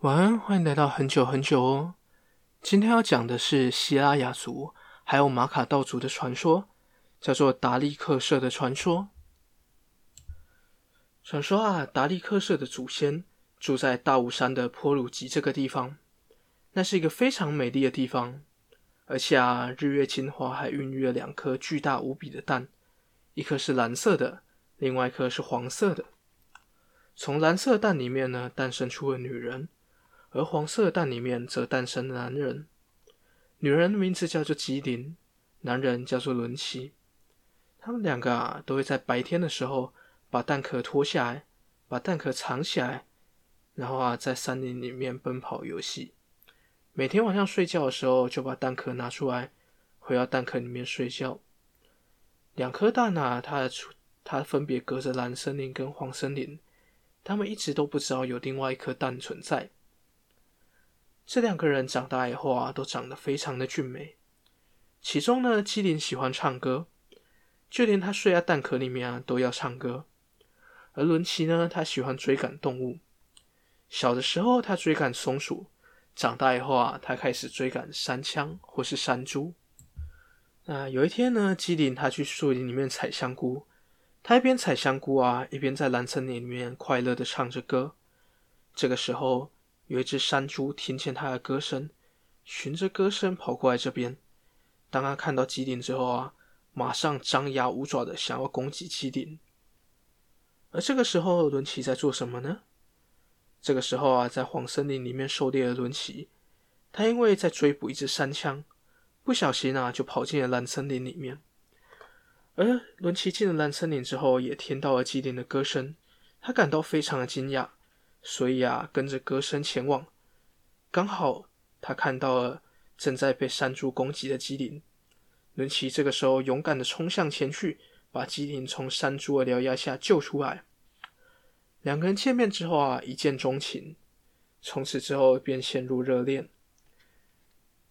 晚安，歡迎來到很久很久哦。今天要講的是西拉雅族還有馬卡道族的傳說，叫做達力克社的傳說。傳說啊，達力克社的祖先住在大武山的坡魯吉這個地方，那是一個非常美麗的地方。而且啊，日月精華還孕育了兩顆巨大無比的蛋，一顆是藍色的，另外一顆是黃色的。從藍色蛋裡面呢，誕生出了女人。而黃色的蛋裡面則誕生了男人。女人的名字叫做吉林，男人叫做倫奇。他們兩個啊，都會在白天的時候把蛋殼脫下來，把蛋殼藏起來，然後啊，在山林裡面奔跑遊戲。每天晚上睡覺的時候，就把蛋殼拿出來，回到蛋殼裡面睡覺。兩顆蛋啊，它的它分別隔着藍森林跟黃森林，他們一直都不知道有另外一顆蛋存在。這兩個人長大以後啊，都長得非常的俊美。其中呢，基林喜歡唱歌，就連他睡在蛋殼裡面啊，都要唱歌。而倫奇呢，他喜歡追趕動物。小的時候他追趕松鼠，長大以後啊，他開始追趕山羌或是山豬。那有一天呢，基林他去樹林裡面採香菇，他一邊採香菇啊，一邊在蘭森林裡面快樂的唱着歌。這個時候。有一隻山豬聽見他的歌聲，循着歌聲跑過來這邊。當他看到基林之後啊，馬上張牙舞爪的想要攻擊基林。而這個時候，倫奇在做什麼呢？這個時候啊，在黃森林裡面狩獵的倫奇，他因為在追捕一隻山羌，不小心啊就跑進了藍森林裡面。而倫奇進了藍森林之後，也聽到了基林的歌聲，他感到非常的驚訝。所以啊，跟着歌聲前往，剛好他看到了正在被山豬攻擊的吉林。倫奇這個時候勇敢地衝向前去，把吉林從山豬的獠牙下救出來。兩個人見面之後啊，一見鍾情，從此之後便陷入熱戀。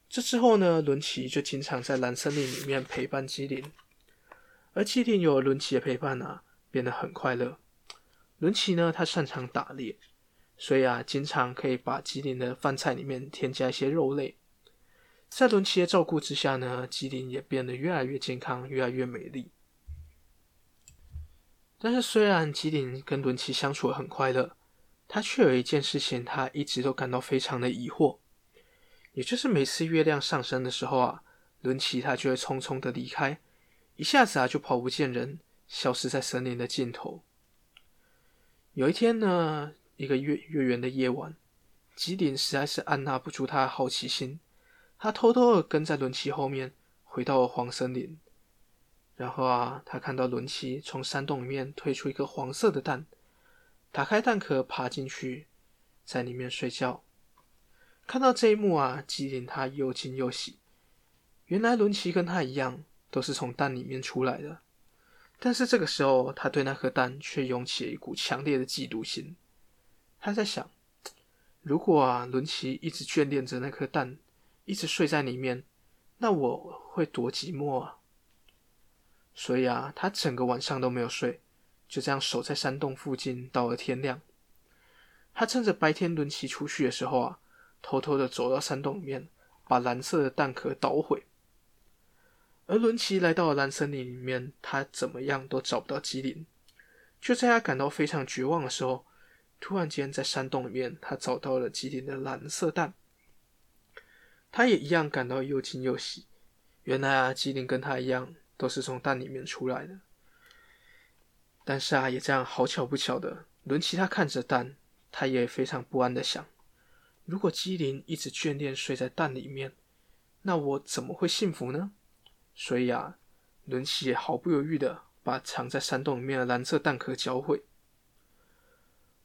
這之後呢，倫奇就經常在藍森林裡面陪伴吉林，而吉林有了倫奇的陪伴啊，變得很快樂。倫奇呢，他擅長打獵。所以啊，經常可以把吉林的飯菜裡面添加一些肉類。在倫奇的照顧之下呢，吉林也變得越來越健康，越來越美麗。但是，雖然吉林跟倫奇相處很快樂，他卻有一件事情，他一直都感到非常的疑惑，也就是每次月亮上升的時候啊，倫奇他就會匆匆的離開，一下子啊就跑不見人，消失在森林的盡頭。有一天呢。一個月月圓的夜晚，吉林實在是按捺不住他的好奇心，他偷偷地跟在倫奇後面，回到了黃森林。然後啊，他看到倫奇從山洞裡面推出一個黃色的蛋，打開蛋殼，爬進去，在裡面睡覺。看到這一幕啊，吉林他又驚又喜，原來倫奇跟他一樣，都是從蛋裡面出來的。但是這個時候，他對那顆蛋卻湧起了一股強烈的嫉妒心。他在想，如果啊，倫奇一直眷戀着那顆蛋，一直睡在裡面，那我會多寂寞啊！所以啊，他整個晚上都沒有睡，就這樣守在山洞附近，到了天亮。他趁着白天倫奇出去的時候啊，偷偷地走到山洞裡面，把藍色的蛋殼搗毀。而倫奇來到了藍森林裡面，他怎麼樣都找不到吉林。就在他感到非常絕望的時候，突然間，在山洞裡面，他找到了吉林的藍色蛋，他也一樣感到又驚又喜。原來啊，吉林跟他一樣，都是從蛋裡面出來的。但是啊，也這樣，好巧不巧的，倫琪他看着蛋，他也非常不安的想：如果吉林一直眷戀睡在蛋裡面，那我怎麼會幸福呢？所以啊，倫琪也毫不猶豫的把藏在山洞裡面的藍色蛋殼交回。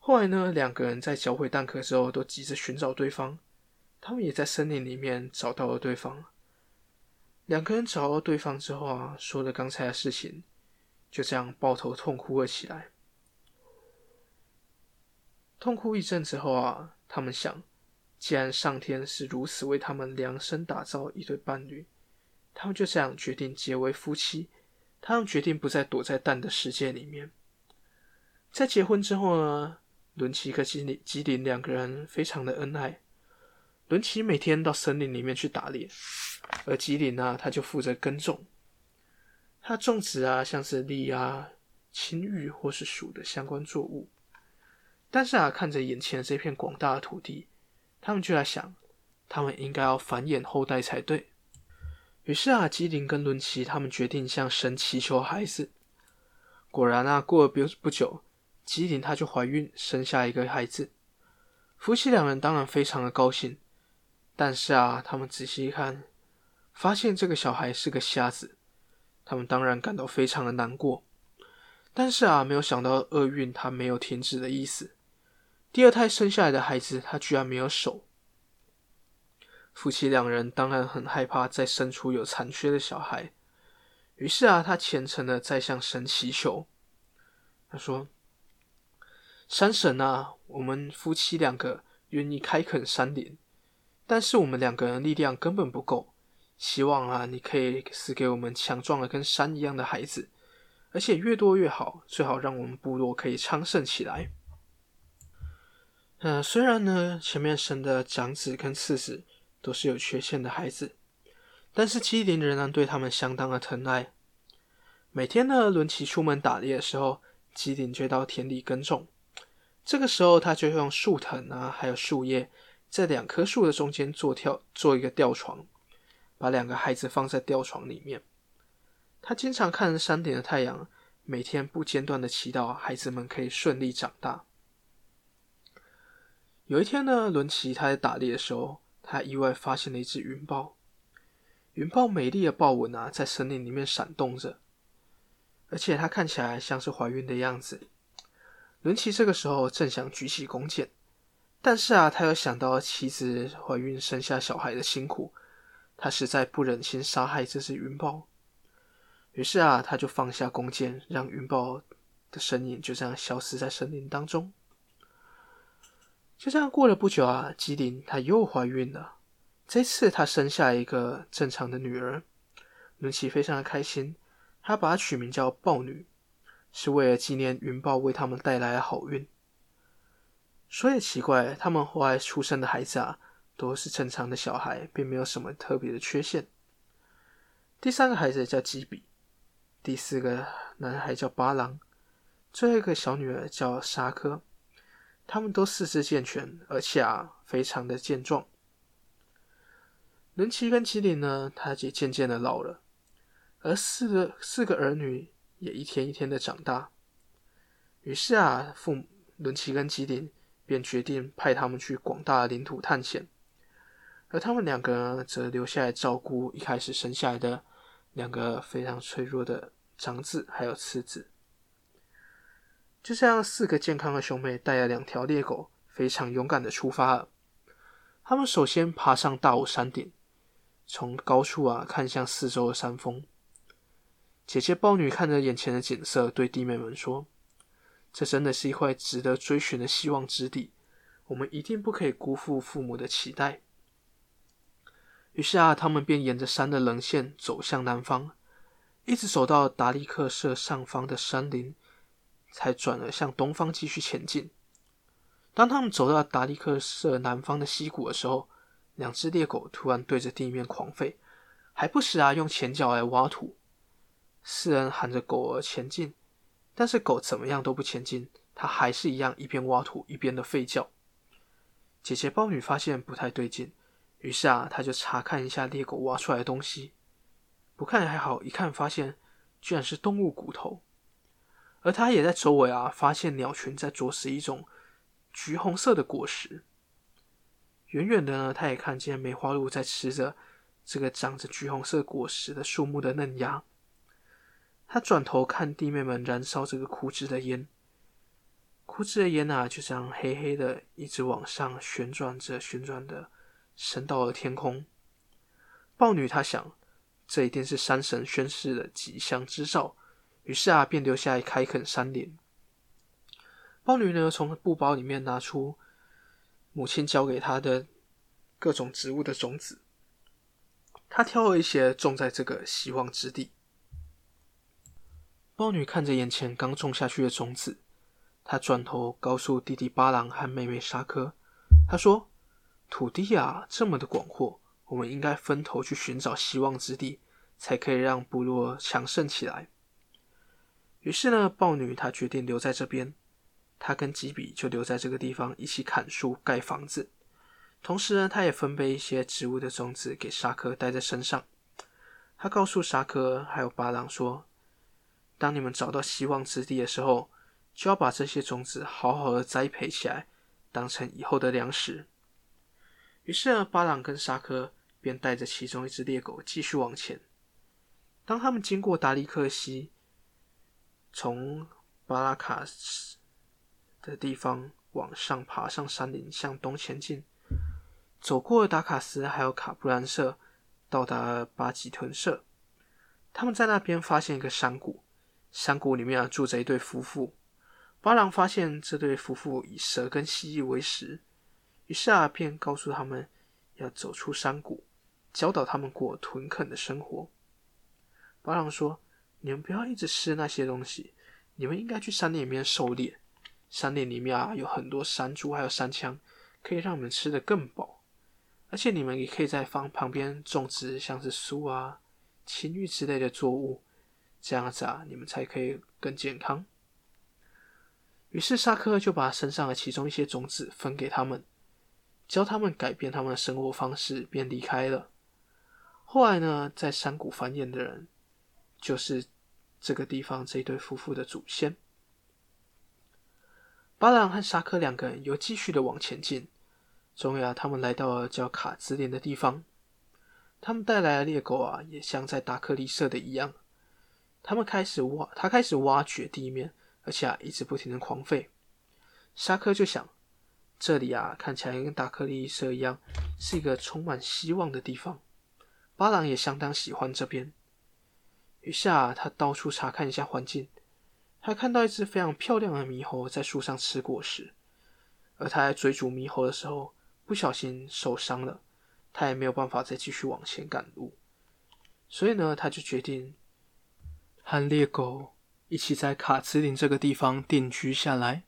後來呢，兩個人在銷毀蛋殼之後，都急着尋找對方。他們也在森林裡面找到了對方。兩個人找到對方之後啊，說了剛才的事情，就這樣抱頭痛哭了起來。痛哭一陣之後啊，他們想，既然上天是如此為他們量身打造一對伴侶，他們就這樣決定結為夫妻。他們決定不再躲在蛋的世界裡面。在結婚之後呢，倫奇和吉林，吉林兩個人非常的恩愛。倫奇每天到森林裡面去打獵，而吉林呢、啊，他就負責耕種。他種植啊，像是粟啊、青玉或是薯的相關作物。但是啊，看着眼前的這片廣大的土地，他們就在想，他們應該要繁衍後代才對。於是啊，吉林跟倫奇他們決定向神祈求孩子。果然啊，過了不不久。幾林她就懷孕，生下一個孩子。夫妻兩人當然非常的高興，但是啊，他們仔細一看，發現這個小孩是個瞎子，他們當然感到非常的難過。但是啊，沒有想到厄運他沒有停止的意思。第二胎生下來的孩子，他居然沒有手。夫妻兩人當然很害怕再生出有殘缺的小孩，於是啊，他虔誠的在向神祈求，他說。山神啊，我們夫妻兩個願意開墾山林，但是我們兩個人力量根本不夠，希望啊，你可以賜給我們強壯的跟山一樣的孩子，而且越多越好，最好讓我們部落可以昌盛起來。嗯、呃，雖然呢，前面生的長子跟次子都是有缺陷的孩子，但是基林仍然對他們相當的疼愛。每天呢，輪起出門打獵的時候，基林就到田裡耕種。這個時候，他就用樹藤啊，還有樹葉，在兩棵樹的中間做吊，做一個吊床，把兩個孩子放在吊床裡面。他經常看山頂的太陽，每天不間斷的祈禱孩子們可以順利長大。有一天呢，倫奇他在打獵的時候，他意外發現了一隻雲豹。雲豹美麗的豹紋啊，在森林裡面閃動着，而且它看起來像是懷孕的樣子。倫琪這個時候正想舉起弓箭，但是啊，他又想到妻子懷孕生下小孩的辛苦，他實在不忍心殺害這只雲豹。於是啊，他就放下弓箭，讓雲豹的身影就這樣消失在森林當中。就這樣過了不久啊，吉林她又懷孕了，這次她生下一個正常的女兒。倫琪非常的開心，他把她取名叫豹女。是為了紀念雲豹為他們帶來的好運。所以奇怪，他們後來出生的孩子啊，都是正常的小孩，並沒有什麼特別的缺陷。第三個孩子叫吉比，第四個男孩叫巴郎，最後一個小女兒叫沙科。他們都四肢健全，而且啊，非常的健壯。倫奇跟吉林呢，他也漸漸的老了，而四個四個兒女。也一天一天的長大，於是啊，父母倫奇跟吉林便決定派他們去廣大的領土探險，而他們兩個則留下來照顧一開始生下來的兩個非常脆弱的長子還有次子。就這樣，四個健康的兄妹帶着兩條獵狗，非常勇敢的出發了。他們首先爬上大武山頂，從高處啊看向四周的山峰。姐姐豹女看着眼前的景色，對弟妹們說：“這真的是一塊值得追尋的希望之地，我們一定不可以辜負父母的期待。”於是啊，他們便沿着山的稜線走向南方，一直走到達力克社上方的山林，才轉而向東方繼續前進。當他們走到達力克社南方的溪谷的時候，兩隻獵狗突然對着地面狂吠，還不時啊用前腳來挖土。四人喊着狗兒前進，但是狗怎麼樣都不前進，它還是一樣一邊挖土一邊的吠叫。姐姐包女發現不太對勁，於是啊，她就查看一下獵狗挖出來的東西。不看還好，一看發現居然是動物骨頭，而她也在周圍啊發現鳥群在啄食一種橘紅色的果實。遠遠的呢，她也看見梅花鹿在吃着這個長着橘紅色果實的樹木的嫩芽。他轉頭看弟妹們燃燒這個枯枝的煙，枯枝的煙啊，就這樣黑黑的一直往上旋轉着旋轉著升到了天空。豹女她想，這一定是山神宣示的吉祥之兆，於是啊，便留下來開墾山林。豹女呢，從布包裡面拿出母親交給她的各種植物的種子，她挑了一些種在這個希望之地。豹女看着眼前剛種下去的種子，她轉頭告訴弟弟巴朗和妹妹沙科：“她說，土地啊，這麼的廣闊，我們應該分頭去尋找希望之地，才可以讓部落強盛起來。”於是呢，豹女她決定留在這邊，她跟吉比就留在這個地方一起砍樹蓋房子，同時呢，她也分配一些植物的種子給沙科帶在身上。她告訴沙科還有巴朗說。當你們找到希望之地的時候，就要把這些種子好好的栽培起來，當成以後的糧食。於是呢，巴朗跟沙科便帶着其中一隻獵狗繼續往前。當他們經過達利克西，從巴拉卡斯的地方往上爬上山林，向東前進，走過了達卡斯還有卡布蘭社，到達了巴吉屯社。他們在那邊發現一個山谷。山谷裡面住着一對夫婦，巴朗發現這對夫婦以蛇跟蜥蜴為食，於是啊，便告訴他們要走出山谷，教導他們過屯墾的生活。巴朗說：“你們不要一直吃那些東西，你們應該去山林裡面狩獵。山林裡面啊，有很多山豬還有山羌，可以讓我們吃得更飽。而且你們也可以在房旁邊種植像是樹啊、青芋之類的作物。”這樣子啊，你們才可以更健康。於是沙克就把身上的其中一些種子分給他們，教他們改變他們的生活方式，便離開了。後來呢，在山谷繁衍的人，就是這個地方這一對夫婦的祖先。巴朗和沙克兩個人又繼續的往前進，終於啊，他們來到了叫卡茲連的地方。他們帶來的獵狗啊，也像在達克利社的一樣。他們開始挖，他開始挖掘地面，而且啊一直不停的狂吠。沙科就想，這裡啊看起來跟達力克社一樣，是一個充滿希望的地方。巴朗也相當喜歡這邊。於是啊，他到處查看一下環境，他看到一隻非常漂亮的獼猴在樹上吃果實，而他在追逐獼猴的時候不小心受傷了，他也沒有辦法再繼續往前趕路，所以呢，他就決定。和獵狗一起在卡茨林這個地方定居下來。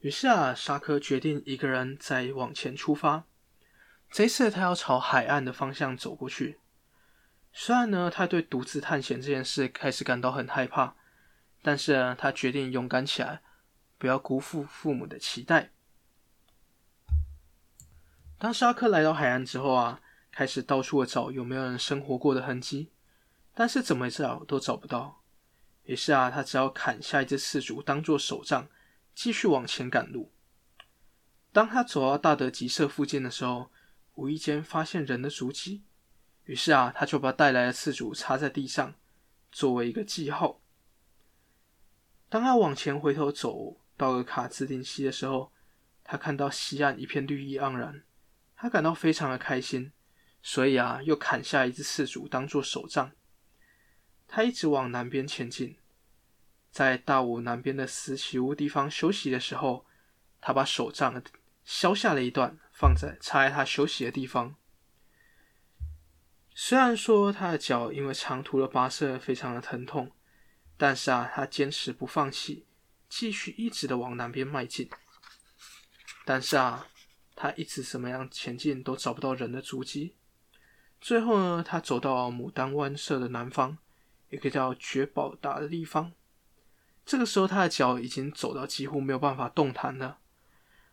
於是啊，沙科決定一個人再往前出發。這一次，他要朝海岸的方向走過去。雖然呢，他對獨自探險這件事開始感到很害怕，但是呢，他決定勇敢起來，不要辜負父母的期待。當沙克來到海岸之後啊，開始到處的找有沒有人生活過的痕跡。但是怎麼找都找不到，於是啊，他只好砍下一隻刺竹當做手杖，繼續往前趕路。當他走到大德吉社附近的時候，無意間發現人的足迹，於是啊，他就把帶來的刺竹插在地上，作為一個記號。當他往前回頭走到了卡茲丁溪的時候，他看到西岸一片綠意盎然，他感到非常的開心，所以啊，又砍下一隻刺竹當做手杖。他一直往南邊前進，在大武南邊的石岐屋地方休息的時候，他把手杖削下了一段，放在插在他休息的地方。雖然說他的腳因為長途的跋涉非常的疼痛，但是啊，他堅持不放棄，繼續一直的往南邊邁進。但是啊，他一直怎麼樣前進都找不到人的足跡。最後呢，他走到牡丹灣社的南方。一個叫絕寶達的地方，這個時候他的腳已經走到幾乎沒有辦法動彈了。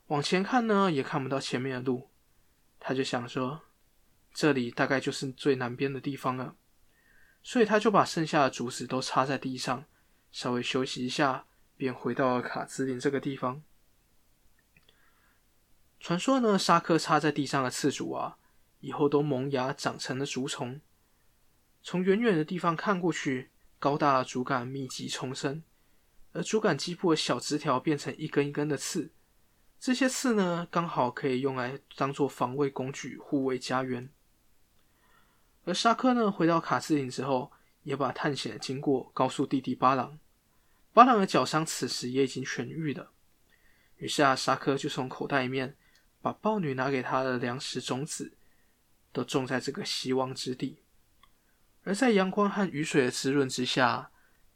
往前看呢，也看不到前面的路，他就想說，這裡大概就是最南邊的地方了。所以他就把剩下的竹子都插在地上，稍微休息一下，便回到了卡茲林這個地方。傳說呢，沙克插在地上的刺竹啊，以後都萌芽長成了竹蟲。從遠遠的地方看過去，高大的竹竿密集叢生，而竹竿基部的小枝條變成一根一根的刺，這些刺呢，剛好可以用來當做防衛工具，護衛家園。而沙科呢，回到卡斯林之後，也把探險經過告訴弟弟巴朗，巴朗的腳傷此時也已經痊癒了。於是沙科就從口袋裡面把豹女拿給他的糧食種子，都種在這個希望之地。而在陽光和雨水的滋潤之下，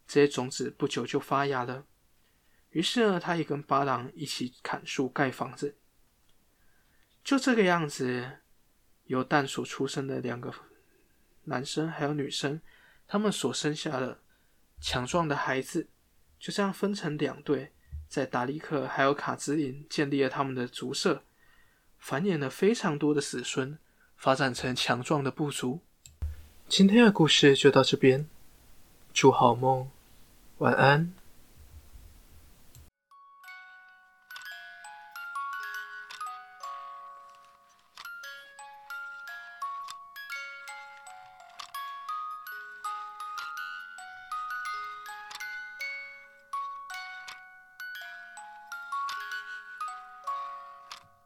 這些種子不久就發芽了。於是呢，他也跟巴郎一起砍樹蓋房子。就這個樣子，由蛋所出生的兩個男生還有女生，他們所生下的強壯的孩子，就這樣分成兩隊，在達利克還有卡茲林建立了他們的族社，繁衍了非常多的子孫，發展成強壯的部族。今天的故事就到這邊，祝好夢，晚安。